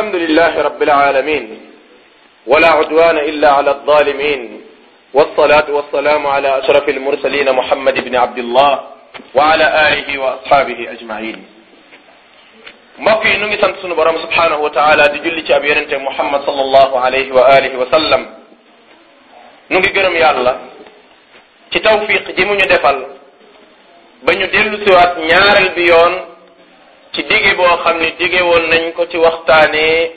الحمد لله رب العالمين ولا عدوان إلا على الظالمين والصلاة والسلام على أشرف المرسلين محمد بن عبد الله وعلى آله وأصحابه أجمعين mbokk yi nu ngi sant sunu borom subhanahu wa taala di julli ci ab yonente muhammad sallallahu alayhi wa alihi wa sallam nu ngi gërëm yàlla ci tawfiq ji mu ñu defal ba ñu dellu siwaat ñaareel bi yoon ci dige boo xam ni dige woon nañ ko ci waxtaanee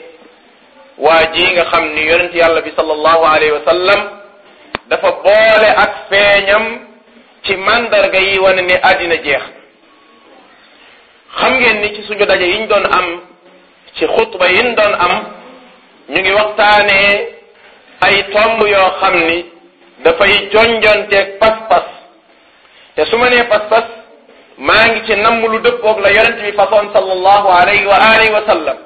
waa ji nga xam ni yonent yàlla bi sallallahu alayhi wa dafa boole ak feeñam ci mandarga yi wane ni àddina jeex xam ngeen ni ci suñu daje yiñ doon am ci xutba yiñ doon am ñu ngi waxtaanee ay tomb yoo xam ni dafay jonjonteeg pas-pas te su ma nee pas-pas maa ngi ci namm lu dëppoog la yonent bi façon sallallahu alayhi wa alihi wa sallam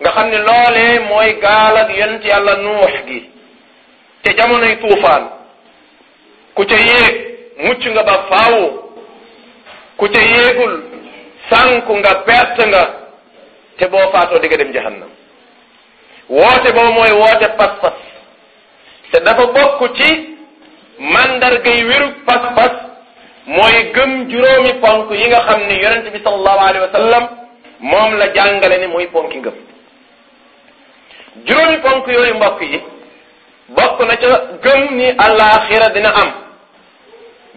nga xam ne loolee mooy gaal ak yonent yàlla nuux gi te jamonoy tuufaan ku ca yéeg mucc nga ba faaw ku ca yéegul sànku nga perte nga te boo faatoo di dem jahannam woote boobu mooy woote pas-pas te dafa bokk ci mandargay wérug pas-pas mooy gëm juróomi ponk yi nga xam ne yonent bi sallallahu alayhi wa sallam moom la jàngale ni muy ponki ngëm juróomi ponk yooyu mbokk yi bokk na ca gëm ni àllaaxira dina am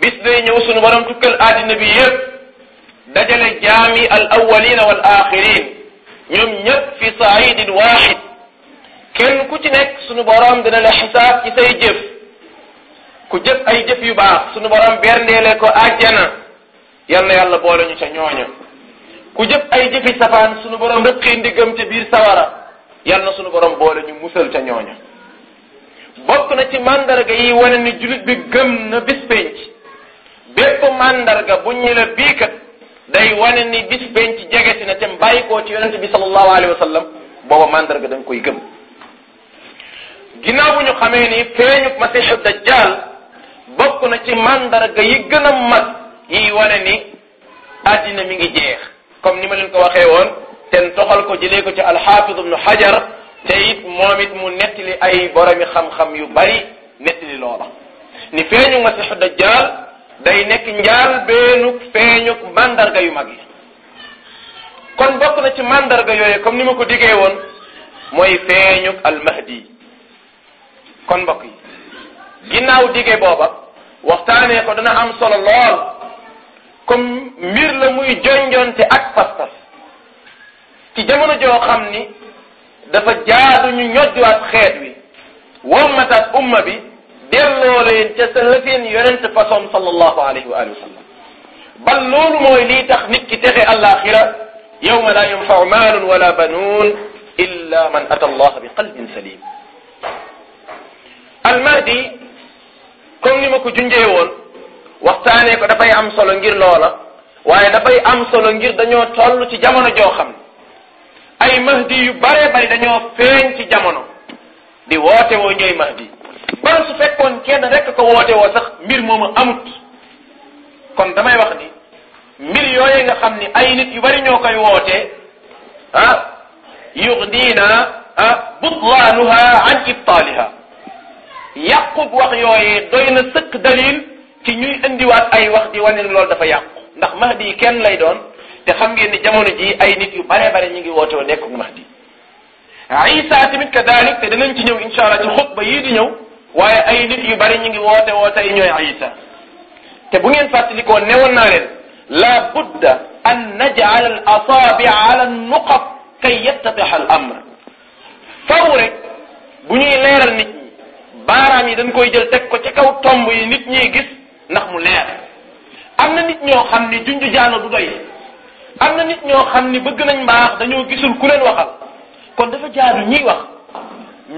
bis day ñëw sunu borom tukkal addina bi yépp dajale jaami al awwalina wal axirin ñoom ñépp fi saidin waxid kenn ku ci nekk sunu borom dina la xisaab ci say jëf ku jëf ay jëf yu baax sunu borom berndeele ko àjjana yal na yàlla boole ñu ca ñooña ku jëf ay jëfi safaan sunu borom rëqi gëm ca biir sawara yal na sunu borom boole ñu musal ca ñooña bokk na ci mandarga yi wane ni jullit bi gëm na bis penc bépp mandarga bu ñu la bii kat day wane ni bis penc jege si na te bàyyi koo ci yonente bi sallallahu alayhi wa sallam booba mandarga da koy gëm ginnaaw bu ñu xamee ni feeñu masiixu dajjal bokk na ci màndarga yi gën a mag yiy wane ni àddina mi ngi jeex comme ni ma leen ko waxee woon ten toxal ko jëlee ko ci alxaafid ibnu xajar te it moom it mu nettali ay boromi xam-xam yu bari nettali loola ni feeñu masiixu dajjaal day nekk njaal beenuk feeñuk mandarga yu mag yi kon bokk na ci mandarga yooyu comme ni ma ko diggee woon mooy feeñuk almahdi kon mbokk yi ginnaaw dige booba waxtaanee ko dana am solo lool comme mbir la muy jonjonte ak pas-pas ci jamono joo xam ni dafa jaadu ñu ñoddiwaat xeet wi wommataat umma bi delloo leen ca sa lëfeen yonent façon sallallahu alayhi wa alihi mooy lii tax nit ki texe àllaaxira yawma laa yanfau maalun wala banuun illa man ata allah bi qalbin salim almahdi comme ni ma ko junjee woon waxtaanee ko dafay am solo ngir loola waaye dafay am solo ngir dañoo toll ci jamono joo xam ay mahdi yu bare bari dañoo feeñ ci jamono di woote woo ñooy mahdi ba su fekkoon kenn rek ko woote woo sax mbir moomu amut kon damay wax ni mbir yooye nga xam ni ay nit yu bari ñoo koy wootee ah yuxdiina ah butlaanuha an ibtaaliha yàqub wax yooyee doy na sëkk dalil ci ñuy indiwaat ay wax di wane loolu dafa yàqu ndax mahdi yi kenn lay doon te xam ngeen ni jamono ji ay nit yu bare bare ñu ngi woote woon nekkul mahdi isa tamit kadalik te danañ ci ñëw incha allah ci xutba yii di ñëw waaye ay nit yu bare ñu ngi woote woote ay ñooy isa te bu ngeen fàttalikoo newoon naa leen la budda an naj'ala al asaabi ala nuqat kay yattadiha al amr faw rek bu ñuy leeral nit yi dañ koy jël teg ko ci kaw tomb yi nit ñiy gis ndax mu leer am na nit ñoo xam ni junj jaano du doy am na nit ñoo xam ni bëgg nañ mbaax dañoo gisul ku leen waxal kon dafa jaadu ñiy wax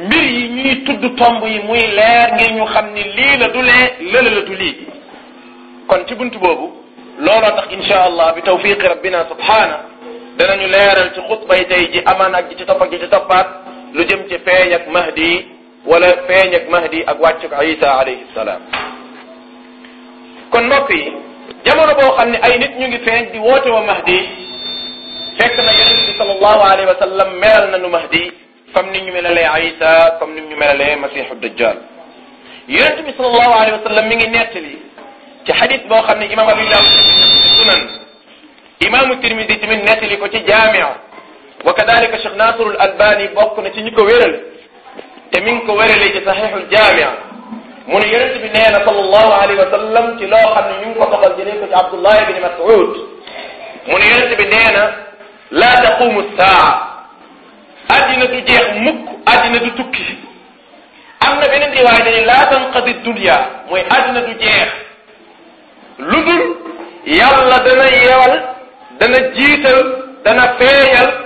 mbir yi ñuy tudd tomb yi muy leer ngir ñu xam ni lii la du lee lële lii kon ci bunt boobu looloo tax insha allah bi tawfiqi rabbina subhana danañu leeral ci ji ci topp ak ji ci toppaat lu jëm ci feeñ ak mahdi wala feeñ ak mahdi ak wàccuk isa alayhi salaam kon mbokk yi jamono boo xam ne ay nit ñu ngi feeñ di woote wa mahdi fekk na yonent bi sallallahu alayhi wa sallam melal na nu mahdi comme ni ñu melalee isa comme ni ñu melalee masihu dajjal yonent bi sallallahu alayhi wa sallam mi ngi nettali ci xadis boo xam ne imaam abi daawud sunan imaamu tirmidi tamit nettali ko ci jaamia wa kadalika cheikh nasirul albani bokk na ci ñi ko wéral te mi ngi ko wéralee ci saxiixul jaamia mu ne yonent bi nee na sallallahu alayhi wa sallam ci loo xam ne ñu ngi ko toxal jëlee ko ci Abdullah ibn Mas'ud mu ne yonent bi nee na laa taqumu saa addina du jeex mukk addina du tukki am na beneen riwaay dañu laa tanqadi dunya mooy addina du jeex lu dul yàlla dana yeewal dana jiital dana feeyal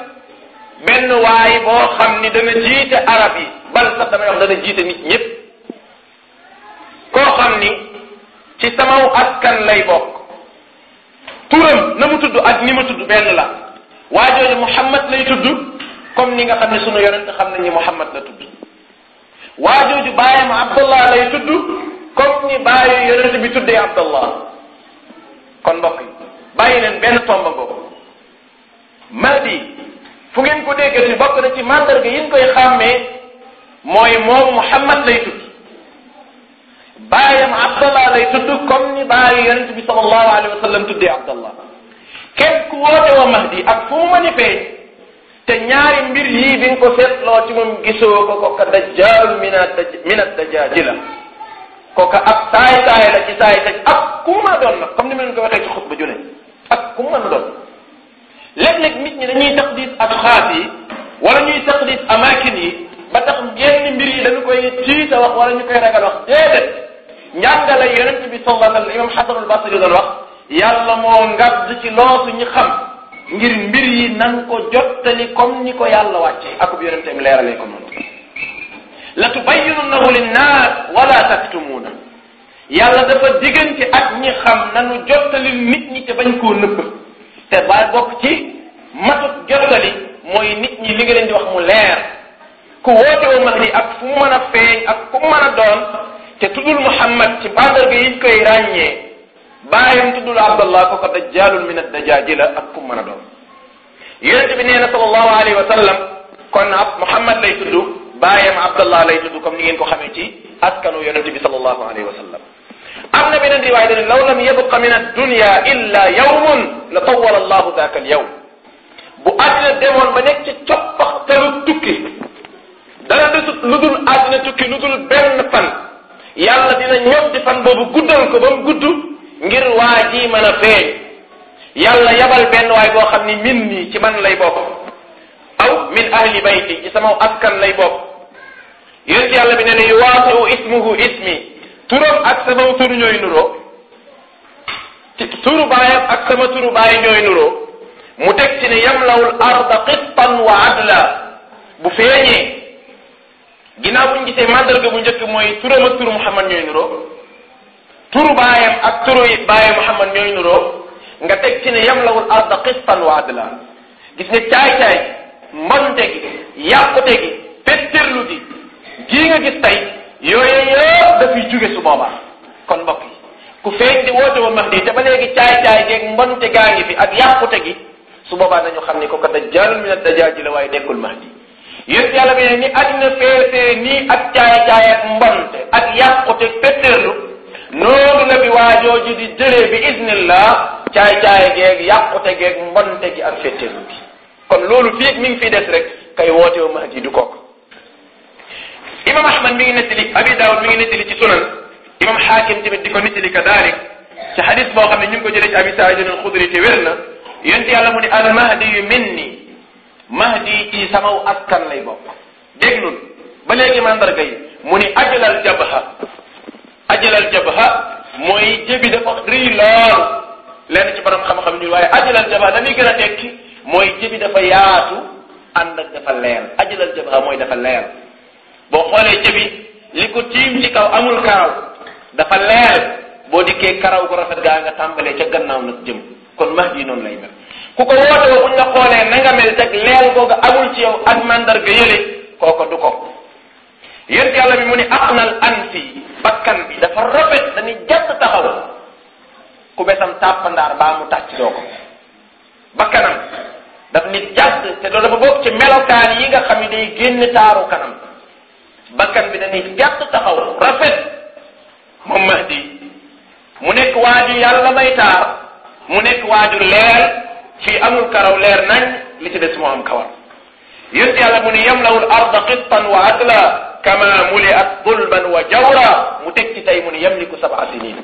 benn waay boo xam ni dana jiite arab yi bal sax damay wax dana jiite nit ñëpp koo xam ni ci samaw askan lay bokk turam na mu tudd ak ni mu tudd benn la waa jooju Muhammad lay tudd comme ni nga xam ne sunu yonent xam nañ ni Muhammad la tudd waa jooju baayam Abdullah lay tudd comme ni baayu yonent bi tuddee Abdullah kon mbokk yi bàyyi leen benn tomba boobu Mahdi fu ngeen ko déggati bokk na ci mandarga yi ñu koy xàmmee mooy moom Muhammad lay tudd baayam Abdallah lay tudd ni baayu yonent bi sallallahu alayhi wa sallam tuddee Abdallah kenn ku woote wa Mahdi ak fu mu mën fee te ñaari mbir yii bi nga ko seetloo ci moom gisoo ko ko ka dajjaalu min ad-daj min ad-dajaaji la ko ka ab saay saay la ci saay ak ku mu mën a doon comme ni ma leen ko waxee ci xutba ju ak ku mu léeg-léeg nit ñi dañuy taqdis asxaas yi wala ñuy taqdis amakin yi ba tax yenn mbir yi dañu koy tiita wax wala ñu koy ragal wax déedéet njàngale yonent bi sallallahu alayhi wa sallam imam Xasanul Basri doon wax yàlla moo ngadd ci loosu ñu xam ngir mbir yi nan ko jottali comme ni ko yàlla wàccee akub yonenteem leeralee ko noonu la tubayyinunnahu linnaas wala taktumuuna yàlla dafa diggante ak ñi xam nanu jottali nit ñi te bañ koo nëbb te baal bokk ci matut jottali mooy nit ñi li nga leen di wax mu leer ku woote woo mahdi ak fu mu mën a feeñ ak ku mu mën a doon te tuddul muhammad ci bandarga yiñ koy ràññee baayam tuddul abdallah ko ko dajjalul min addajaaji la ak ku mu mën a doon yonente bi nee na sallallahu alayhi wa sallam kon ab muhammad lay tudd baayam abdallah lay tudd comme ni ngeen ko xamee ci askanu yonente bi sallallahu alayhi wa sallam am na beneen riwaay dane law lam yabqa min addunia illa yawmun la tawala allahu daaka al yawm bu nekk ci coppax lu tukki dara desut lu dul àddina tukki lu dul fan yàlla dina ñoom fan boobu guddal ko ba gudd ngir waa ji mën a feeñ yàlla yabal benn waay boo ni min ci man lay bokk aw min ahli bayti ci askan lay bokk yonent yàlla bi ne ne yuwaasiu ismi turam ak sama turu ñooy nuroo ci turu baayam ak sama turu baay ñooy nuroo mu teg ci ne yamlawul arda qittan wa adla bu feeñee ginnaaw bu ñu gisee mandarga bu njëkk mooy turam ak turu Muhammad ñooy nuroo turu baayam ak turu yi baayu Muhammad ñooy nuroo nga teg ci ne yamlawul arda qittan wa adla gis ne caay-caay mbonte gi yàqute gi péttirlu gi gii nga gis tey yooyee fi jóge su boobaa kon mbokk ku feeñ di woote wa mahdi te ba léegi caay-caay geeg mbonte gaa ngi fi ak yàqute gi su boobaa dañu xam ni ko ko dajjal min ad-dajjaji la waaye nekkul mahdi yéen yàlla bi ne ni àddina feesee nii ak caay-caay ak mbonte ak yàqute fetteerlu noonu la bi waajoo ji di jëlee bi iznillah caay-caay geeg yàqute geeg mbonte gi ak fetteerlu bi kon loolu fii mi ngi fi des rek kay woote wa mahdi du kooku imam ahmad mi ngi nettali abi daawud mi ngi nettali ci sunan imam xaakim ci xadis boo xam ne ñu ngi ko jëlee ci abi saidin alxudri te wér na yonti yàlla mu ne al mahdi yu minni mahdi ci samaw askan lay bokk déglul ba léegi mandarga yi mu ni ajalal jabha ajalal jabha mooy jëbi dafa rëy lool lenn ci borom xam-xam ñu waaye ajalal jabha dañuy gën a tekki mooy jëbi dafa yaatu ànd ak dafa leer ajalal jabha mooy dafa leer boo xoolee ca bi li ko tiim ci kaw amul karaw dafa leer boo dikkee karaw ko rafet gaa nga tàmbalee ca gannaaw nag jëm kon mahdi noonu lay mel ku ko woote buñ la xoolee na nga mel teg leer googa amul ci yow ak mandarga yële kooko du ko yént yàlla bi mu ni aqnal anfi bakkan bi dafa rafet dañuy jàtt taxaw ku besam tàppandaar mu tàcc doo ko bakkanam daf ni jàtt te doo dafa bokk ci melokaan yi nga xam ne day génn taaru kanam bakkan bi na dañuy jàpp taxaw rafet moom mahdi mu nekk waaju yàlla may taar mu nekk waaju leer ci amul karaw leer nañ li ci des moo am kawar yéen yàlla mu ne yamlawul arda qittan wa adla kama muliat dulban wa jawra mu teg ci tey mu ne yamliku sab'a sinin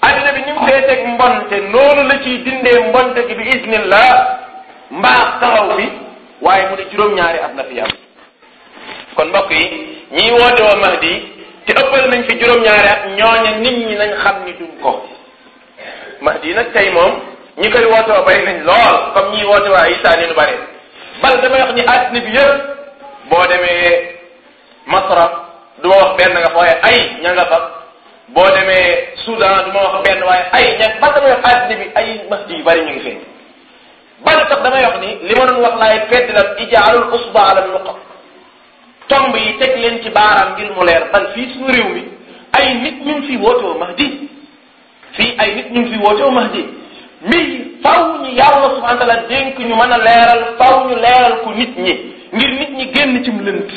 addina bi ñu ngi fee teg mbonte noonu la ciy dindee mbonte gi bi isnillah mbaax taxaw bi waaye mu ne juróom-ñaari at na fi am kon mbokk ñiy woote woo Mahdi te ëppal nañ fi juróom-ñaari at ñooña nit ñi nañ xam ni duñ ko Mahdi nag tey moom ñi koy woote woo bari nañ lool comme ñiy woote waa Isa ni nu bare bal damay wax ni àddina bi yëpp boo demee Masra benn nga fa waaye ay demee Soudan du ma wax waaye ay ña bal damay Mahdi yu bari ñu ngi feeñ bal ni li ma doon wax laay tomb yi teg leen ci baaraam ngir mu leer bal fii suñu réew mi ay nit ñu ngi fi wootoo mahdi fii ay nit ñu ngi fi wootoo mahdi mii faw ñu yàlla subhanahu wa taala dénk ñu mën a leeral faw ñu leeral ko nit ñi ngir nit ñi génn cim lënt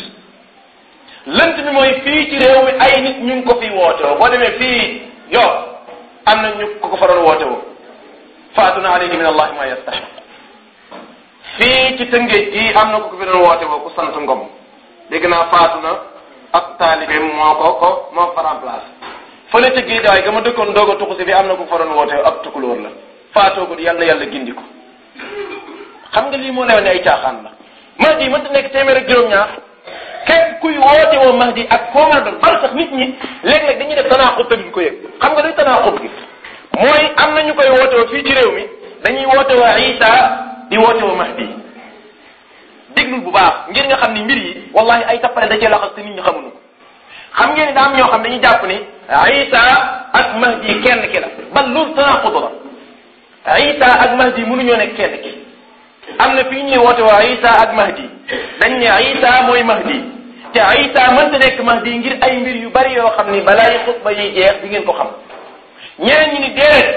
lënt bi mooy fii ci réew mi ay nit ñu ko fi wootoo boo demee fii yow am na ñu ko ko faral woote woo faatuna alayhi min allahi ma yastaxiq fii ci tëngéej gi am na ko ko fi doon woote ku sant ngom dégg naa faatu na ak taalibeem moo ko ko moo fa remplacé fële ca yi ga ma dëkkoon doog a tuxu bi am na ku fa doon woote ab tukulóor la faatoo ko yàlla na yàlla gindi ko xam nga lii moo lay ne ay caaxaan la Mahdi mënta nekk téeméer ak juróom-ñaar kenn kuy woote woo Mahdi ak koo mën a doon bal sax nit ñi léeg-léeg dañuy def tanaaxub te duñ ko yëg xam nga day tanaaxub gi mooy am na ñu koy woote woo fii ci réew mi dañuy woote woo Isa di woote woo déglul bu baax ngir nga xam ni mbir yi wallahi ay tappale da cee laxas te nit ñi xamuñu xam ngeen ni daa ñoo xam dañuy jàpp ni Isa ak Mahdi kenn ki la bal loolu tanaqud la Isa ak Mahdi mënuñoo nekk kenn ki am na fii ñuy woote waa Isa ak Mahdi dañ ne Isa mooy Mahdi te Isa mënta nekk Mahdi ngir ay mbir yu bari yoo xam ni balaa yi xutba ngeen ko xam ñeneen ñi ni déedéet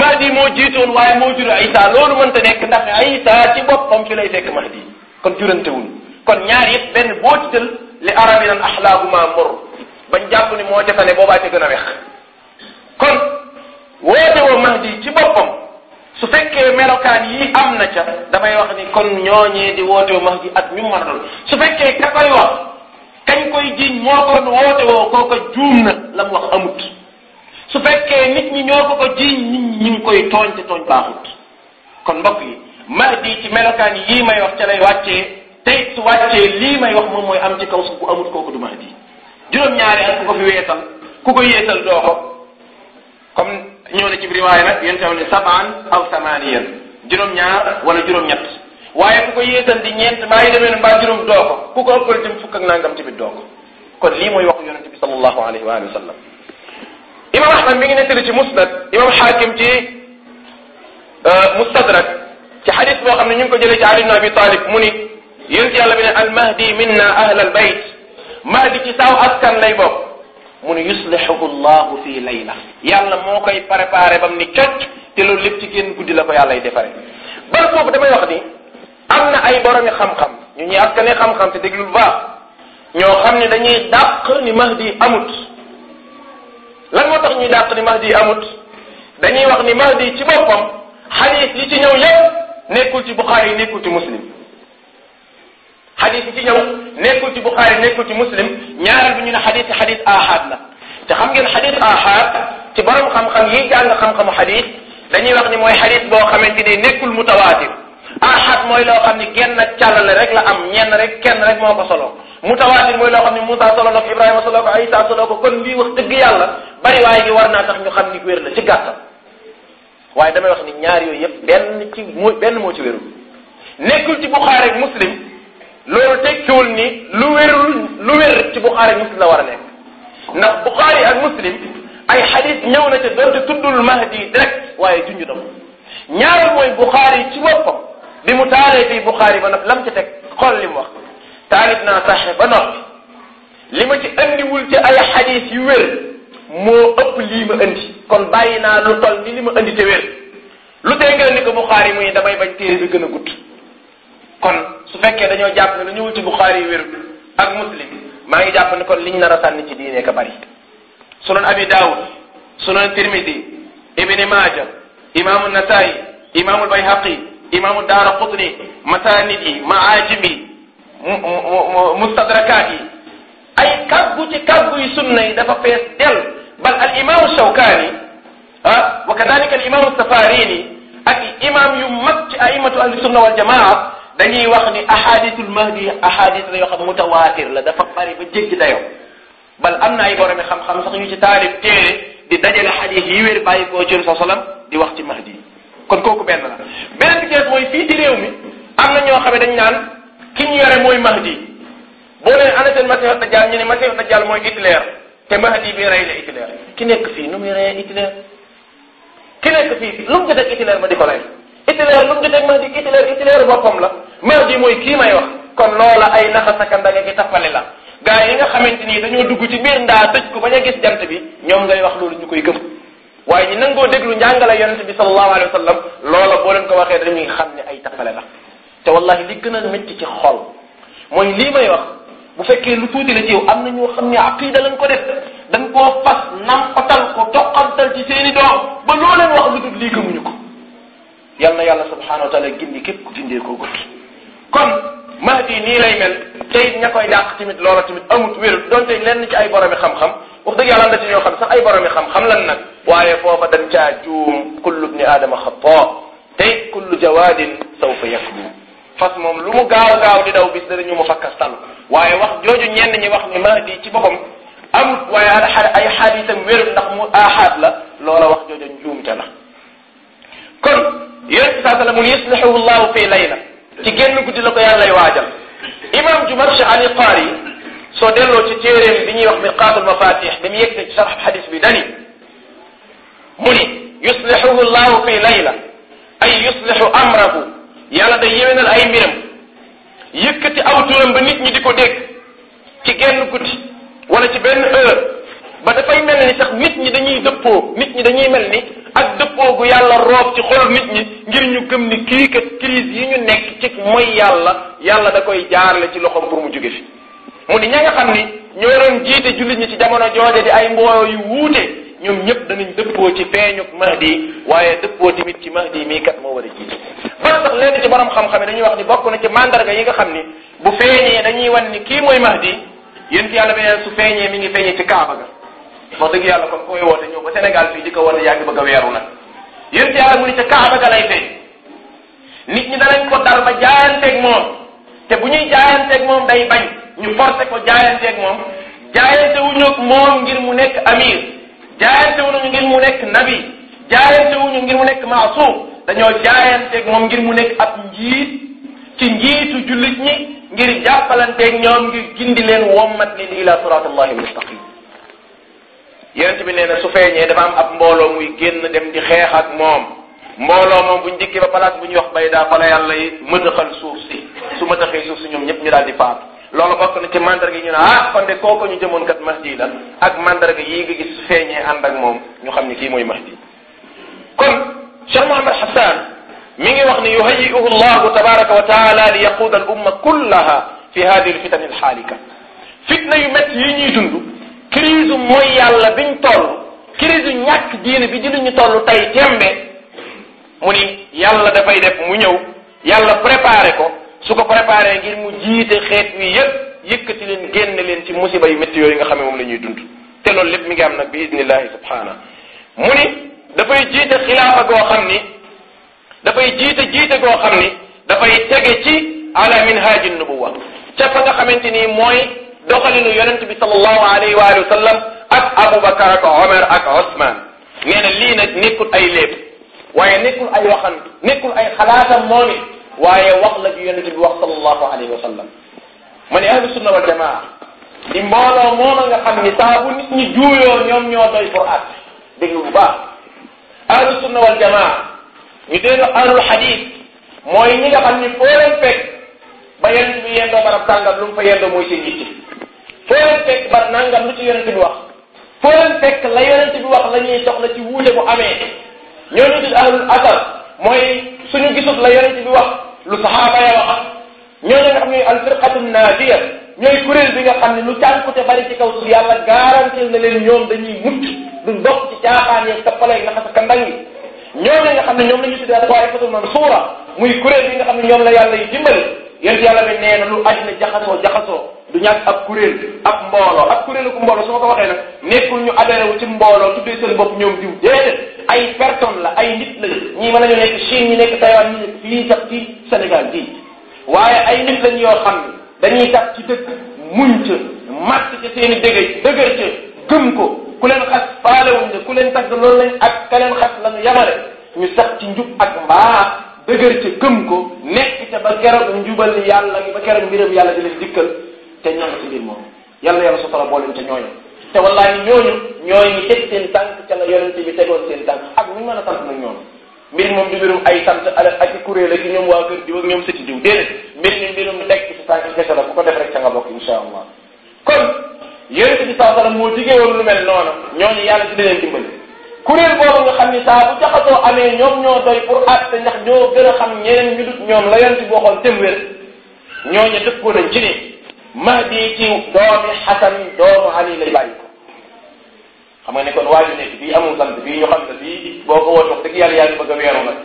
Mahdi moo jiitoon waaye moo jur Isa loolu mënta nekk ndax Isa ci boppam fi lay fekk Mahdi kon jurantewul kon ñaar yëpp benn boo ci jël li arab yi naan bañ jàpp ni moo jotane boobaa ca gën a wex kon woote woo mahdi ci boppam su fekkee melokaan yi am na ca dafay wax ni kon ñooñee di woote woo mahdi ak ñu mën a doon su fekkee ka koy wax kañ koy jiñ moo kon woote woo kooka juum na la mu wax amut su fekkee nit ñi ñoo ko ko jiñ nit ñi ngi koy tooñ te tooñ baaxut kon mbokk yi mahdi ci melokaan yii may wax ca lay wàccee tey lii may wax moom mooy am ci kaw suuf bu kooku du mahdi juróom-ñaari at ku ko fi weesal ku ko yeesal doo ko comme ñëw na ci riwaaya nag yéen tam ne sabaan aw samaaniyan juróom-ñaar wala juróom-ñett waaye ku ko yeesal di ñeent maa ngi demee mbaa juróom doo ko ku ko ëppal jëm fukk nangam ci doo ko kon lii mooy waxu yonente bi sallallahu alayhi wa sallam imam ahmad mi ngi nettali ci musnad imam hakim ci euh, mustadrak ci xadis boo xam ne ñu ngi ko jëlee ci Ali ibn Abi Talib mu ni yonent yàlla bi ne al mahdi minna ahlal bayt mahdi ci lay bokk mu ni yuslihuhu llahu fi layla yàlla moo koy préparé bam ni cocc te loolu lépp ci génn guddi la ko yàllay defaree barab boobu damay wax ni am na ay boromi xam-xam ñu ñuy askane xam-xam te déglu bu baax ñoo xam ne dañuy dàq ni mahdi amut lan moo tax ñuy dàq ni mahdi amut dañuy wax ni nekkul ci Buxaari nekkul ci muslim xadis yi ci ñëw nekkul ci Buxaari nekkul ci muslim ñaareel bu ñu ne xadis yi xadis ahad la te xam ngeen xadis ahad ci borom xam-xam yi jàng xam-xamu xadis dañuy wax ni mooy xadis boo xam xamante ni nekkul mutawaatir ahad mooy loo xam ni genn càllale rek la am ñenn rek kenn rek moo ko solo mutawaatir mooy loo xam ni Moussa solo la ko Ibrahima solo ko ko kon lii wax dëgg yàlla bari waaye gi war naa tax ñu xam ni wér la ci gàttal. waaye damay wax ni ñaar yooyu yëpp benn ci mu benn moo ci wérul nekkul ci Buxaari ak Muslim loolu tekkiwul ni lu wérul lu wér ci Buxaari ak Muslim la war a nekk ndax Buxaari ak Muslim ay xadis ñëw na ca doonte tuddul Mahdi direct waaye junj na ko ñaareel mooy Buxaari ci boppam bi mu taalee fii Buxaari ba noppi lam ca teg xool li mu wax taalib naa saxe ba noppi li ma ci andiwul ci ay xadis yu wér moo ëpp lii ma indi kon bàyyi naa lu toll ni li ma indi te lu tee nga indi ko Buxaari muy damay bañ téere bi gën a gudd kon su fekkee dañoo jàpp ne lu ñëwul ci Buxaari wér ak muslim maa ngi jàpp ne kon liñ nar a sànni ci diine ka bari sunan abi daawud sunan tirmidi ibni maaja imaamu nasaayi imaamu bayhaqi imaamu daara qutni masaanid yi maajim yi mustadrakaat yi ay kàggu ci kàggu sunna yi dafa fees del بل الإمام الشوكاني أه؟ وكذلك الإمام السفاريني الإمام يمك أئمة أهل السنة والجماعة dañuy wax ni ahadithul mahdi ahadith la yoo xam mutawatir la dafa bari ba jéggi dayoo bal am na ay boromi xam-xam sax ñu ci taalib téere di dajale xadis yi wér bàyyi koo ci sa salam di wax ci mahdi kon kooku benn la beneen bi ci mooy fii ci réew mi am na ñoo xam ne dañ naan ki ñu yore mooy mahdi boo leen ana seen masihu dajjal ñu ne masihu dajjal mooy Hitler te Mahdi bi rey na Hitler ki nekk fii nu muy reyee Hitler ki nekk fii lu mu jot ak Hitler ma di ko rey Hitler lu mu jot ak Mahdi Hitler Hitler boppam la Mahdi mooy kii may wax kon loola ay naxasaka ndaga ki tappale la gaa yi nga xamante ni dañoo dugg ci biir ndaa tëj ko ba a gis jant bi ñoom ngay wax loolu ñu koy gëm waaye ñi nangoo déglu njàngale yonente bi sallallahu alayhi wa sallam loola boo leen ko waxee dañuy xam ne ay tappale la te wallahi li gën a métti ci xol mooy lii may wax bu fekkee lu tuuti la ci am na ñoo xam ne aqida lañ ko def dañ koo fas nampatal ko toqantal ci seeni doom ba loo leen wax lu dul lii gëmuñu ko yal na yàlla subhanahu wa taala gindi képp ku gindee koo gëtt kon mahdi nii lay mel tey ña koy dàq tamit loola tamit amut wérul donte lenn ci ay boromi xam-xam wax dëgg yàlla am na ci ñoo xam ay boromi xam-xam lan nag waaye foofa dañ caa juum kullu bni aadama xataa tey kullu jawaadin sawfa yakbu fas moom lu mu gaaw gaaw di daw bis danañu mu a tal waaye wax jooju ñenn ñi wax ni mahdi ci boppam amut waaye ay xaadisam wérul ndax mu aaxaat la loola wax jooju njuumte la kon yonent saa mu mun yuslihu llahu fi layla ci génn guddi la ko yàllay waajal imam Jumash Ali Qari soo delloo ci téeréem bi ñuy wax Mirqaatul Mafatih bi mu yegg ci sarx xadis bi dani mu ni yuslihuhu llahu fi layla ay yuslihu amrahu yàlla day yéwénal ay mbiram yëkkati aw turam ba nit ñi di ko dégg ci genn guddi wala ci benn heure ba dafay mel ni sax nit ñi dañuy dëppoo nit ñi dañuy mel ni ak dëppoo gu yàlla roof ci xol nit ñi ngir ñu gëm ni kii kat crise yi ñu nekk ci moy yàlla yàlla da koy jaarale ci loxo pour mu jóge fi mu di ña nga xam ni ñoo doon jiite jullit ñi ci jamono jooje di ay mbooloo yu wuute ñoom ñëpp danañ dëppoo ci feeñuk mahdi waaye dëppoo tamit ci mahdi mii kat moo war a jiite ba tax ci borom xam-xam yi dañuy wax ni bokk na ci màndarga yi nga xam ni bu feeñee dañuy wan ni kii mooy mahdi yéen ci yàlla beneen su feeñee mi ngi feeñee ci kaaba ga wax dëgg yàlla kon koy woote ñëw ba Sénégal fii di ko wan yaa ngi bëgg a weeru na yéen ci yàlla mu ni ca kaaba ga lay feeñ nit ñi danañ ko dal ba jaayanteeg moom te bu ñuy jaayanteeg moom day bañ ñu forcé ko jaayanteeg moom jaayante wuñu mu nekk amir jaayante wuñu ngir mu nekk nabi jaayante wuñu ngir mu nekk maasum dañoo jaayanteeg moom ngir mu nekk ab njiit ci njiitu jullit ñi ngir jàppalanteeg ñoom ngir gindi leen wommat leen ila siraat allahi almustaqim yonent bi nee na su feeñee dafa am ab mbooloo muy génn dem di xeex ak moom mbooloo moom bu ñu dikkee ba palaas bu ñuy wax bay daa fa la yàlla yi mëtaxal suuf si su ma mëtaxee suuf si ñoom ñëpp ñu daal di faatu loolu bokk na ci mandarga yi ñu ne ah kon de kooku ñu jëmoon kat mahdi la ak mandarga yii nga gis feeñee ànd ak moom ñu xam ne kii mooy mahdi kon Cheikh Mouhamed Hassan mi ngi wax ni yuhayiuhu llahu tabaraka wa taala li yaquuda al umma kullaha fi hadihi lfitani alxaalika fitna yu métti yi ñuy dund crise mooy yàlla biñ toll crise bi di lu ñu toll tey tembe mu ni yàlla dafay def mu ñëw yàlla préparé ko su ko préparé ngir mu jiite xeet wi yëpp yëkkati leen génn leen ci musiba yu métti yooyu nga xam ne moom la ñuy dund te loolu lépp mi ngi am nag bi idnillahi subhana mu ni dafay jiite xilaafa goo xam ni dafay jiite jiite goo xam ni dafay tege ci ala minhaji nubuwa ca fa nga xamante ni mooy doxalinu yonent bi sallallahu alayhi wa alihi wa sallam ak Aboubacar ak Omar ak Ousmane nee na lii nag nekkul ay léeb waaye nekkul ay waxan nekkul ay xalaatam moom waaye wax la ju yonente bi wax sallallahu alayhi wa sallam ma ne ahlu sunna wal jamaa di mbooloo mooma nga xam ni saa bu nit ñi juuyoo ñoom ñoo doy pour at déglu bu baax ahlu sunna wal jamaa ñu déglu ahlul hadith mooy ñi nga xam ni foo leen fekk ba yonente bi yendoo barab tàngam lu mu fa yendoo mooy seen yitte foo leen fekk ba nangam lu ci yonente bi wax foo leen fekk la yonente bi wax la ñuy soxla ci wuute bu amee ñoo ñu tudd ahlul asar mooy suñu gisut la yonente lu saxaaba ya wax ñoo nga xam ne alfirqatu naajiya ñooy kuréel bi nga xam ne lu cànkute bari ci kaw suuf yàlla garantil na leen ñoom dañuy mucc duñ bokk ci caaxaan yeeg tappaleeg naxas ka ndang yi ñoo nga ñoom la ñu tuddee taifatul mansuura muy kuréel bi nga xam ne la yàlla yi dimbali yéen yàlla bi nee na lu àddina jaxasoo jaxasoo du ñàkk ab kuréel ab mbooloo ab kuréel ku mbooloo su ma ko waxee nag nekkul ñu adhéré wu ci mbooloo tuddee seen bopp ñoom diw dé ñi mën nañu nekk Chine ñi nekk Taïwan ñi nekk fii sax ci Sénégal bii waaye ay nit lañ yoo xam ne dañuy tax ci dëkk muñ ca màtt ca seen i dëgër dëgër ca ko ku leen xas faalewuñ la ku leen tagg loolu lañ ak ka leen xas lañu yamale ñu sax ci njub ak mbaax dëgër ca gëm ko nekk ca ba keroog njubal yàlla ba keroog mbiram yàlla di leen dikkal te ñoom ci mbir moom yàlla yàlla sotala boo leen ca ñooñu te wallaahi ñooñu ñooy ñu teg seen tànk ca la yonente bi tegoon seen a sant mbir moom di mbirum ay sant alal ak i kuréel ak ñoom waa kër diw ak ñoom sëti diw déedéet mbir mi mbirum nekk ci sa tànk kese la ku ko def rek ca nga bokk insha allah kon yonente bi saa sallam moo digee woon lu mel noonu ñooñu yàlla dina leen dimbali kuréel boobu nga xam ni saa bu jaxasoo amee ñoom ñoo doy pour àtte ndax ñoo gën a xam ñeneen ñu dut ñoom la yonente bi waxoon témwér ñooñu dëppoo nañ ci ni mahdi ci doomi xasan doomu ali lay bàyyi xam nga ne kon bii amul sant bii ñu xam ne bii boo ko woon wax dëgg yàlla yaa ngi bëgg a weeru nag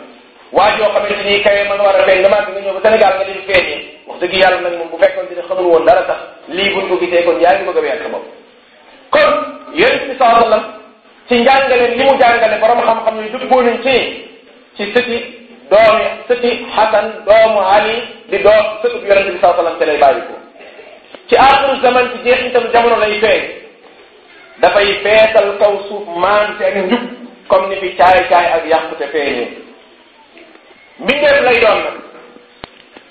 waa joo xam ne dañuy kawe mën war a feeñ nga màgg nga ñëw ba Sénégal nga leen feeñee wax xamul woon dara sax lii buñ ko gisee kon yaa ngi bëgg a weer sa bopp kon yéen bi sa sallam ci njàngale li mu jàngale borom xam-xam yi dëppoo nañ ci ci sëti doomi sëti Xasan doomu Ali di doom sëtub yonente bi saa sallam te lay bàyyi ko ci aaxiru zaman ci jeexitalu jamono lay feeñ dafay feesal kaw suuf maante ak njub comme ni fi caay-caay ak yàqute feeñee mbindeef lay doon nag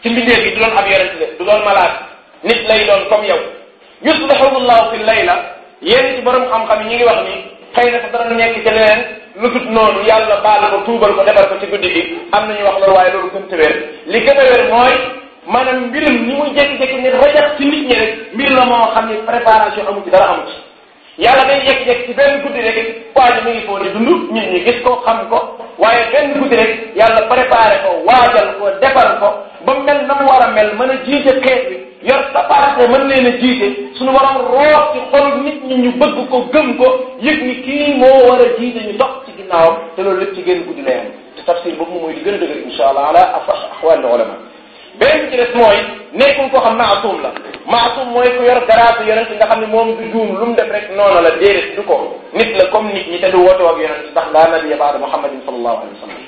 ci mbindeef yi du doon ab yonent de du doon malaat nit lay doon comme yow yusbihu llahu fi layla yéen ci borom xam-xam yi ñu ngi wax ni xëy na sa dara nekk ci leneen lu tut noonu yàlla baal ko tuubal ko defar ko ci guddi gi am nañu wax loolu waaye loolu gënta wér li gën a wér mooy maanaam mbirum ni muy jékki-jékki ne rajax ci nit ñi rek mbir la moo xam ne préparation amu ci dara amu ci yàlla day yegg-yegg ci benn guddi rek waa ji mi ngi foo di dund nit gis ko xam ko waaye benn guddi rek yàlla préparé ko waajal ko defar ko ba mel na mu war a mel mën a jiite xeet bi yor sapaate mën leen a jiite suñu waroon root ci xol nit ñi ñu bëgg ko gëm ko yëg ni kii moo war a jiite ñu dox ci ginnaawam te loolu lépp ci génn guddi lay am te tafsir boobu moom mooy li gën a dëgër incha allah ala afax axwaal beneen bi ci des mooy xam koo xam maasum la maasum mooy ku yor garaatu yonent nga xam ne moom du juum lu de def rek noonu la déedéet du ko nit la comme nit ñi te du woote ak yonent ndax laa nabiya baada muhammadin sallallahu alayhi wa sallam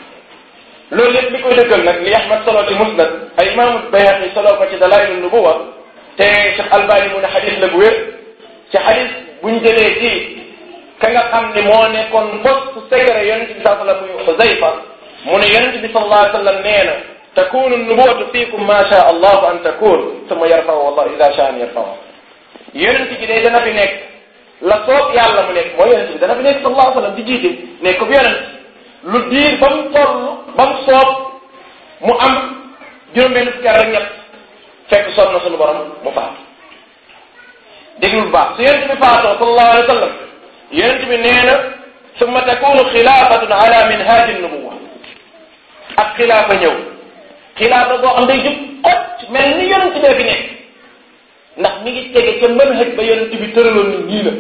loolu lépp li koy dëggal nag li ahmad solo ci musnad ay imaamu bayhaqi ko ci dalailu nubuwa te cheikh albani mu ne xadis la bu ci xadis buñ jëlee ci ka nga xam ne moo nekkoon poste secret yonent bi sallallahu alayhi wa sallam muy Xuzayfa mu ne yonent bi sallallahu alayhi wa sallam nee تكون النبوة فيكم ما شاء الله أن تكون ثم يرفعه والله إذا شاء أن يرفعه yonent bi day dana fi nekk la soob yàlla mu nekk mooy yonent bi dana fi nekk sallallahu alayhi wa sallam di jiite nekk bu yonent lu diir ba mu toll ba mu soob mu am juróom-benn fukki at ak ñett fekk soob na suñu borom mu faatu déglul baax su yonent bi faatoo sallallahu alayhi wa sallam yonent bi nee na summa takunu xilaafatun ala minhaji nubuwa ak xilaafa ñëw xilaaf la boo xam day jub xocc mel ni yonent bi fi nekk ndax mi ngi tege ca mën xëj ba yonent bi tëraloon ni nii la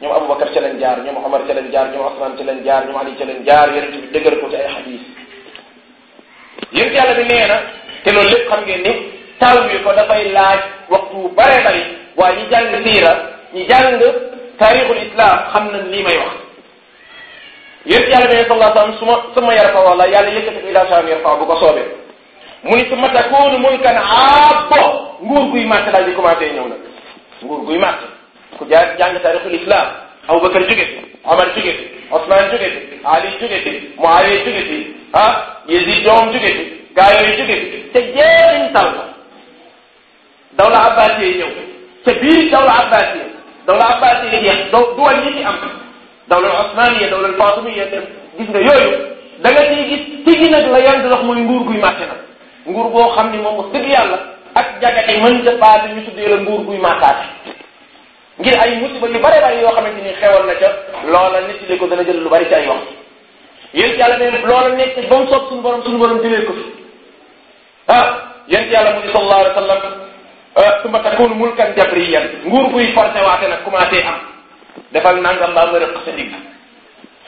ñoom Aboubacar ca leen jaar ñoom Omar ca leen jaar ñoom Osman ca leen jaar ñoom Ali ca leen jaar yonent bi ko ci ay xadis yonent yàlla bi nee na te loolu lépp xam ngeen ni taw bi ko dafay laaj waxtu bu bare bari waaye ñi jàng siira ñi jàng taarixul islam xam na lii may wax yéen yàlla ne sallallahu alayhi wasallam su ma sama yarfa wala yàlla yëkkati ko ila saam yarfa bu ko soobee mu ni su ma takoonu mulkan aabbo nguur guy màtt daal di commencé ñëw nag nguur guy màtt ku jaar jàng taarixul islam Abubakar jóge fi Omar jóge Osman jóge Ali jóge fi Muawiya jóge fi ah Yazid doom jóge fi gaa yooyu jóge fi te jeeriñ tal ko dawla abbasiye ñëw te biir dawla abbasiye dawla abbasiye jeex doo du wàññi am dawla osmaniya dawla fatimiyya dem gis nga yooyu da nga ciy gis tigi nag la yan di wax mooy nguur guy màcc nag nguur boo xam ni moom wax dëgg yàlla ak jagate mën ta baati ñu tuddee la nguur guy màccaate ngir ay musiba yu bare bare yoo xamante ni xewal na ca loola nit li ko dana jël lu bari ci ay wax yéen yàlla ne loola nekk ba mu soob suñu borom suñu borom jëlee ko fi ah yéen yàlla mu ni sallallahu alayhi wa sallam ah, summa takunu mulkan jabriyan nguur guy forcé waate nag commencé am defal nangam baa nga rëq sa ndigg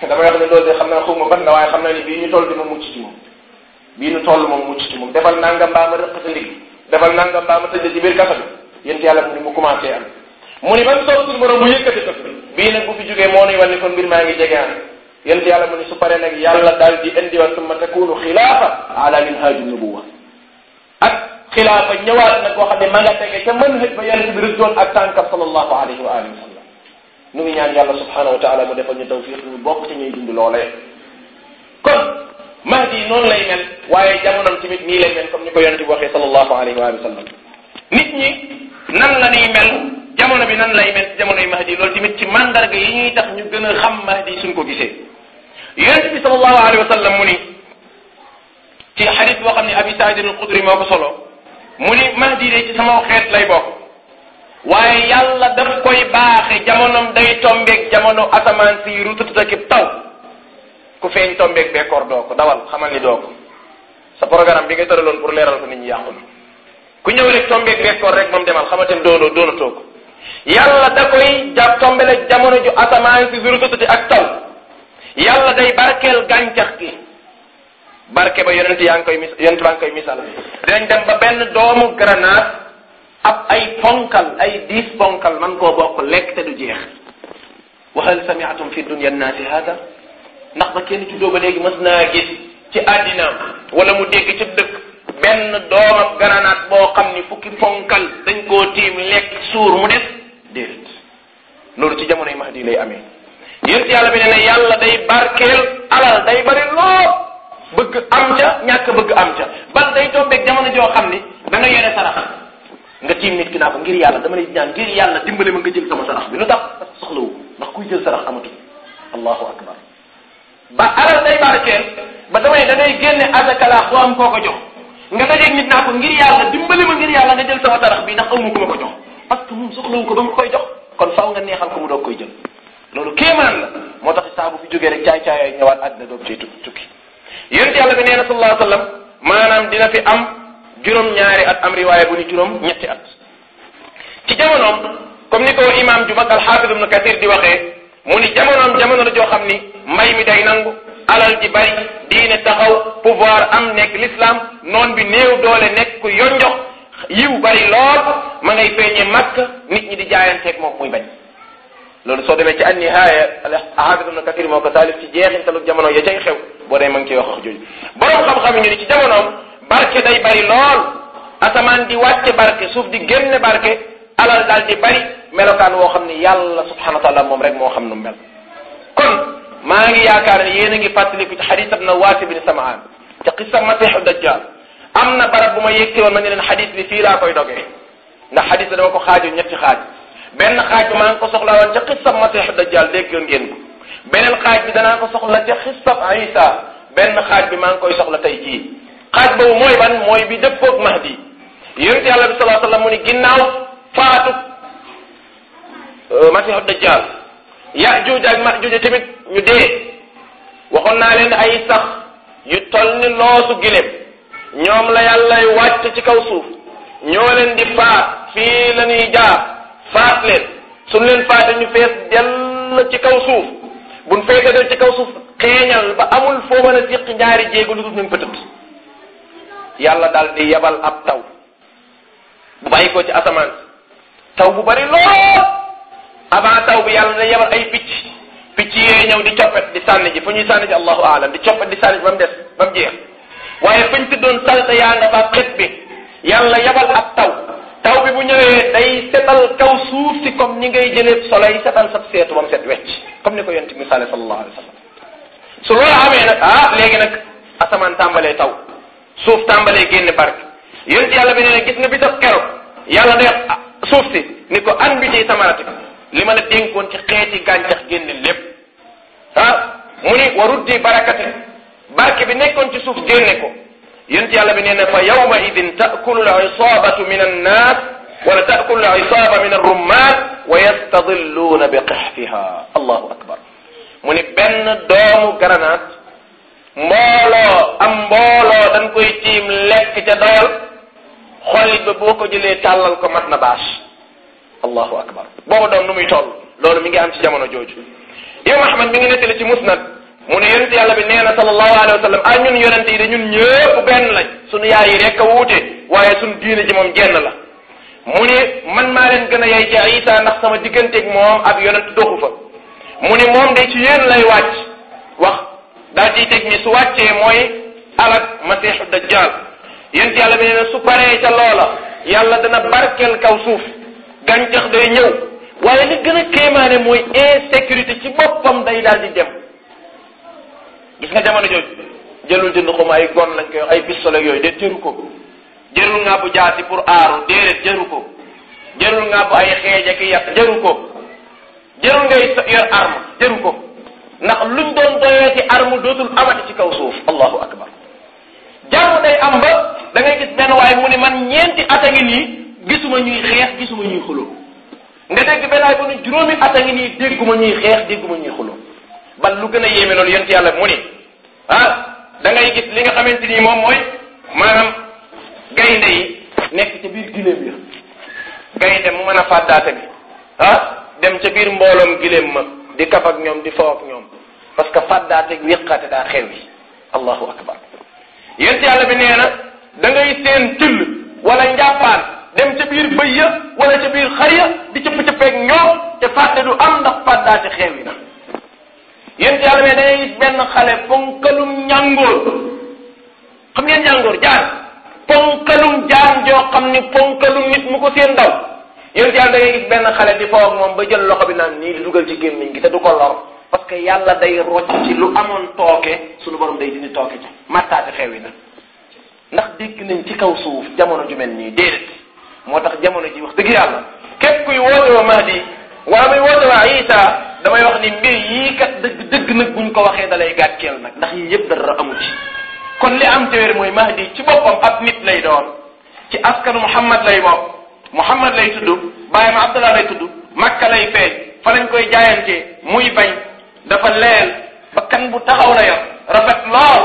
damay wax ne loolu de xam naa xaw ma ban la waaye xam naa ni bii ñu toll dina mucc ci moom bii ñu toll moom mucc ci moom defal nangam baa ma rëq sa ndigg defal nangam baa ma tëjee ci biir kasa bi yéen yàlla mu ni mu commencé am mu ni ban soob suñu borom bu yëkkati ko bii nag bu fi jógee moo nuy wan ni kon mbir maa ngi jege am yéen yàlla mu ni su paree nag yàlla daal di indiwaat summa takunu xilaafa ala minhaaju nubuwa ak xilaafa ñëwaat nag boo xam ne ma nga tege ca mën hëj ba yàlla bi rëddoon ak tànkam sallallahu alayhi wa alihi nu ngi ñaan yàlla subhanahu wa mu defal ñu tawfiq ñu bokk ci ñuy dund loolee kon mahdi noonu lay mel waaye jamonom tamit nii lay mel comme ni ko yonente bi waxee sallallahu alayhi wa sallam nit ñi nan la ñuy mel jamono bi nan lay mel ci jamonoy mahdi loolu tamit ci mandarga yi ñuy tax ñu gën a xam mahdi suñ ko gisee yonente bi sallallahu alayhi wa sallam mu ni ci xadis boo xam ne abi saidin al xudri moo ko solo mu ni mahdi de ci sama xeet lay bokk waaye yàlla daf koy baaxe jamono day tombeeg jamono asamaan si rutututa ki taw ku feeñ tombeeg bekkoor doo ko dawal xamal ni doo ko sa programme bi nga tëraloon pour leeral ko nit ñi yàqu na ku ñëw rek tombeeg bekkoor rek moom demal xamante ni doonoo doonatoo ko yàlla da koy ja tombele jamono ju asamaan si rututati ak taw yàlla day barkeel gàncax gi barke ba yonent yaa ngi koy mis yonent baa ngi koy misal dinañ dem ba benn doomu grenade ab ay ponkal ay diis ponkal man koo bokk lekk te du jeex wa hal samiatum fi dunia nnaasi hada ndax ba kenn juddoo ba léegi mës naa gis ci àddinaam wala mu dégg ci dëkk benn doomab garanaat boo xam ni fukki ponkal dañ koo tiim lekk suur mu def déedéet loolu ci jamonoy mahdi lay amee yént yàlla bi ne ne yàlla day barkeel alal day bari lool bëgg am ca ñàkk bëgg am ca ban day tombeeg jamono joo xam ni da nga yore sarax nga tiim nit ki naa ko ngir yàlla dama lay ñaan ngir yàlla dimbale ma nga jël sama sarax bi lu tax soxlawu ndax kuy jël sarax amatu allahu akbar ba alal day barkeel ba damay da ngay génne azakalaax boo am koo ko jox nga dajeeg nit naa ko ngir yàlla dimbale ma ngir yàlla nga jël sama sarax bi ndax awma ku ma ko jox parce que moom soxlawu ko ba mu koy jox kon faaw nga neexal ko mu doog koy jël loolu kéemaan la moo tax saabu bu fi jógee rek caay caay ñëwaat àddina doog cee tukki yonent yàlla bi na sallallahu alayhi wa sallam maanaam dina juróom ñaari at am riwaaya bu ni juróom ñetti at ci jamonoom comme ni ko imam ju mag alxaafid ibnu kathir di waxee mu ni jamonoom jamono la joo xam ni mbay mi day nangu alal ji bari diine taxaw pouvoir am nekk l'islam noon bi néew doole nekk ku yonjox yiw bari lool ma ngay feeñee màkk nit ñi di jaayanteeg moom muy bañ loolu soo demee ci an nihaaya alxaafid ibnu kathir moo ko taalif ci jeexintalu jamono ya cay xew boo dee ma ngi wax wax jooju borom barke day bari lool asamaan di wàcce barke suuf di génne barke alal daal di bari melokaan woo xam ne yàlla subhanahu wa taala moom rek moo xam nu mel kon maa ngi yaakaar ne yéen a ngi fàttaliku ci xadis ab na waasi bin samaan ci qissa masiixu dajjal am na barab bu ma yëgsi woon ma ne leen xadis bi fii laa koy dogee na xadis bi dama ko xaaj xaaju ñetti xaaj benn xaaj bi maa ngi ko soxla woon ca xissa masiixu dajjal déggoon ngeen gen beneen xaaj bi danaa ko soxla ca xissab isa benn xaaj bi maa ngi koy soxla tey jii xaaj boobu mooy ban mooy bi dëppoog Mahdi yonent yàlla bi salaa sallam mu ni ginnaaw faatu euh, masihu dajjal yaajuuj ak maajuuj tamit ñu dee waxoon naa leen ay sax yu toll ni loosu giléem ñoom la yàllay wàcc ci kaw suuf ñoo leen di faat fii la ñuy jaar faat leen suñ leen faate ñu fees dell ci kaw suuf buñ feete del ci kaw suuf xeeñal ba amul foo mën a siq ñaari jéego lu dul ñu ngi yàlla daal di yebal ab taw bu bàyyi ko ci asamaan taw bu bari lool avant taw bi yàlla da yebal ay picc picc yooyu ñëw di coppet di sànni ji fu ñuy sànni ji allahu alam di coppet di sànni ji ba mu des ba mu jeex waaye fuñ tuddoon salte yaa nga fa xet bi yàlla yebal ab taw taw bi bu ñëwee day setal kaw suuf si comme ñi ngay jëlee soleil setal sa seetu ba mu set wecc comme ni ko yonent misaale sallallahu alayhi su loolu amee nag ah léegi nag asamaan tàmbalee taw suuf tàmbalee génne barke yonent yàlla bi nee na gis nga ah, suuf si ni ko an bi ci li ma la dénkoon ci xeeti gàncax génne lépp ah mu ni waruddi barakati barke bi nekkoon ci suuf génne ko yonent yàlla bi nee na fa yawma idin taakulu l isaabatu min annaas wala taakulu l isaaba min arrummaan wa yastadilluuna bi qixfiha allahu akbar mu ni benn doomu garanaat mbooloo am mbooloo dañ koy tiim lekk ca dool xollit ba boo ko jëlee tàllal ko mat na bâche allahu akbar boobu doom nu muy toll loolu mi ngi am ci jamono jooju imam ahmad mi ngi nettali ci musnad mu ne yonent yàlla bi nee na sallallahu alayhi wa sallam ah ñun yonent yi de ñun ñëpp a wuute waaye sunu diine ji moom genn la mu ne man maa leen gën a yay ci isa ndax sama digganteeg moom ak yonent doxu fa mu ne moom de ci yéen lay wàcc wax daal ciy teg ni su wàccee mooy alak masiixu dajjal yént yàlla bi nee na su paree ca loola yàlla dana barkeel kaw suuf gàncax day ñëw waaye li gën a kéemaane mooy insécurité ci boppam day daal di dem gis nga jamono jooju jëlul jënd xuma ay gon lañ koy wax ay pistolet yooyu de jëru ko jërul nga bu jaati pour aaru déedéet jëru ko jërul nga ay xeej ak yàq jëru ko jërul ngay yor arme jëru ko ndax luñ doon doyeeti arme dootul amati ci kaw suuf allahu akbar jàmm day am ba da gis benn waaye mu ne man ñeenti at a ngi nii gisuma ñuy xeex gisuma ñuy xuloo nga dégg benn waaye bu ne juróomi at a ngi nii dégguma ñuy xeex dégguma ñuy xuloo bal lu gën a yéeme loolu yonent yàlla mu ni ah da gis li nga xamante ni moom mooy maanaam gaynde yi nekk ca biir gileem ya gaynde mu mën a fàddaate bi ah dem ca biir mbooloom gileem ma di kaf ak ñoom di faw ñoom parce que fàddaateeg wéqaate daa xew yi allahu akbar yent yàlla bi nee na seen till wala njàppaan dem ca biir bëy ya wala ca xar ya di cëpp-cëppeeg ñoom te fàtte du am ndax fàddaate xew yi na yent yàlla bi da ngay gis benn xale ponkalum njàngoor xam ngeen njàngoor jaan ponkalum jaan joo xam ni ponkalum nit mu ko seen ndaw yent yàlla da gis benn xale di foog moom ba jël loxo bi naan nii dugal ci gémmiñ gi te du ko lor parce que yàlla day rocc ci lu amoon tooke sunu borom day dindi tooke ci mattaati xew yi nag ndax dégg nañ ci kaw suuf jamono ju mel nii déedéet moo tax jamono ji wax dëgg yàlla képp kuy woote wa Mahdi waa muy woote waa Isa damay wax ni mbir yii kat dëgg dëgg nag buñ ko waxee dalay gàcceel nag ndax yii yëpp dara amu ci kon li am téwér mooy Mahdi ci boppam ab nit lay doon ci askanu Muhammad lay bopp Muhammad lay tudd baayam Abdallah lay tudd Makka lay lañ koy jaayantee muy bañ dafa leel bakkan bu taxaw la yor rafet lool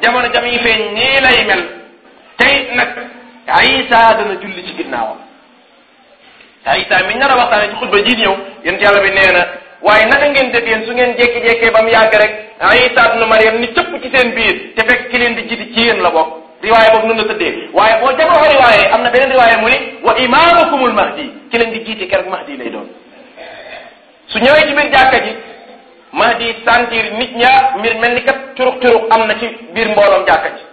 jamono jam yi feeñ nii lay mel tey nag Isa dana julli ci ginnaaw ginnaawam Isa mi nar a waxtaane ci xutba ji ñëw yéen yàlla bi nee na waaye naka ngeen def yéen su ngeen jékki-jékkee ba mu yàgg rek Isa ibnu Maryam ni cëpp ci seen biir te fekk ki leen di jiiti ci yéen la bokk riwaayé boobu noonu la tëddee waaye boo jagloo riwaayé am na beneen riwaayé mu ni wa imaamukumul mahdi ki leen di jiiti keroog mahdi lay doon su ñëwee ci biir jàkka ma di sentir nit ñaar mbir mel ni kat curux curux am na ci biir mbooloom jàkka ci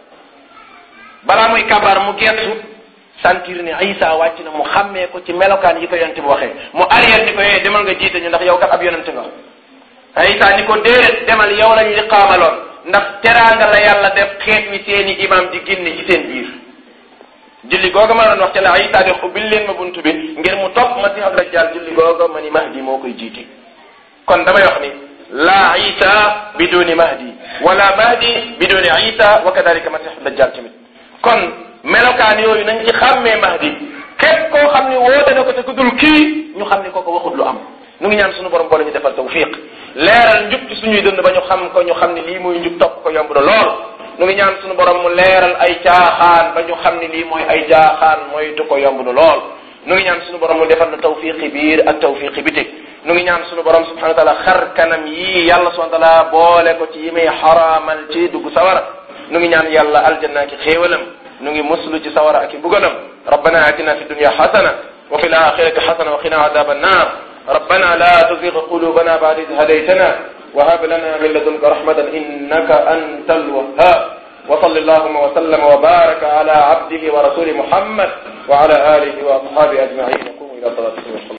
balaa muy kabaar mu geetu sentir ni Isa wàcc na mu xàmmee ko ci melokaan yi ko yonent bi waxee mu arrière ni ko yee eh, demal nga jiite ñu ndax yow kat ab yonent nga Isa ni ko déedéet demal yow lañ liqaamaloon ndax teraanga la yàlla def xeet wi seeni imam di génne ci seen biir julli googa ma doon wax ca la Isa ni ubbil leen ma bunt bi ngir mu topp ma si ab dajjal julli googa kon damay wax laa Isa biduni Mahdi wala Mahdi biduni Isa wa kadalika Masih Dajjal tamit kon melokaan yooyu nañ ci xàmmee Mahdi képp koo xam ni woote na ko te ku dul kii ñu xam ni ko waxut lu am nu ngi ñaan suñu borom boole ñu defal tawfiq leeral njub ci suñuy dënd ba ñu xam ko ñu xam ni lii mooy njub topp ko yomb na lool nu ngi ñaan suñu borom mu leeral ay caaxaan ba ñu xam ni lii mooy ay caaxaan mooy du ko yomb na lool nu ngi ñaan suñu borom mu defal na tawfiqi biir ak tawfiqi biti nu ngi ñaan sunu borom subhanahu wa taala xar kanam yii yàlla subhanahu wa taala boole ko ci yi muy xaraamal ci dugg sawara nu ngi ñaan yàlla aljanna ki xéewalam nu ngi muslu ci sawara ak i mbugalam rabbana atina fi dunya xasana wa fi laxirati xasana wa qina adaba annar rabbana la tuzig qulubana ba'da id hadaytana wa hab lana min ladunka rahmatan innaka anta alwahhab wa salli allahuma wa sallama wa baraka ala abdihi wa rasuli muhammad wa ala alihi wa ashabihi ajmain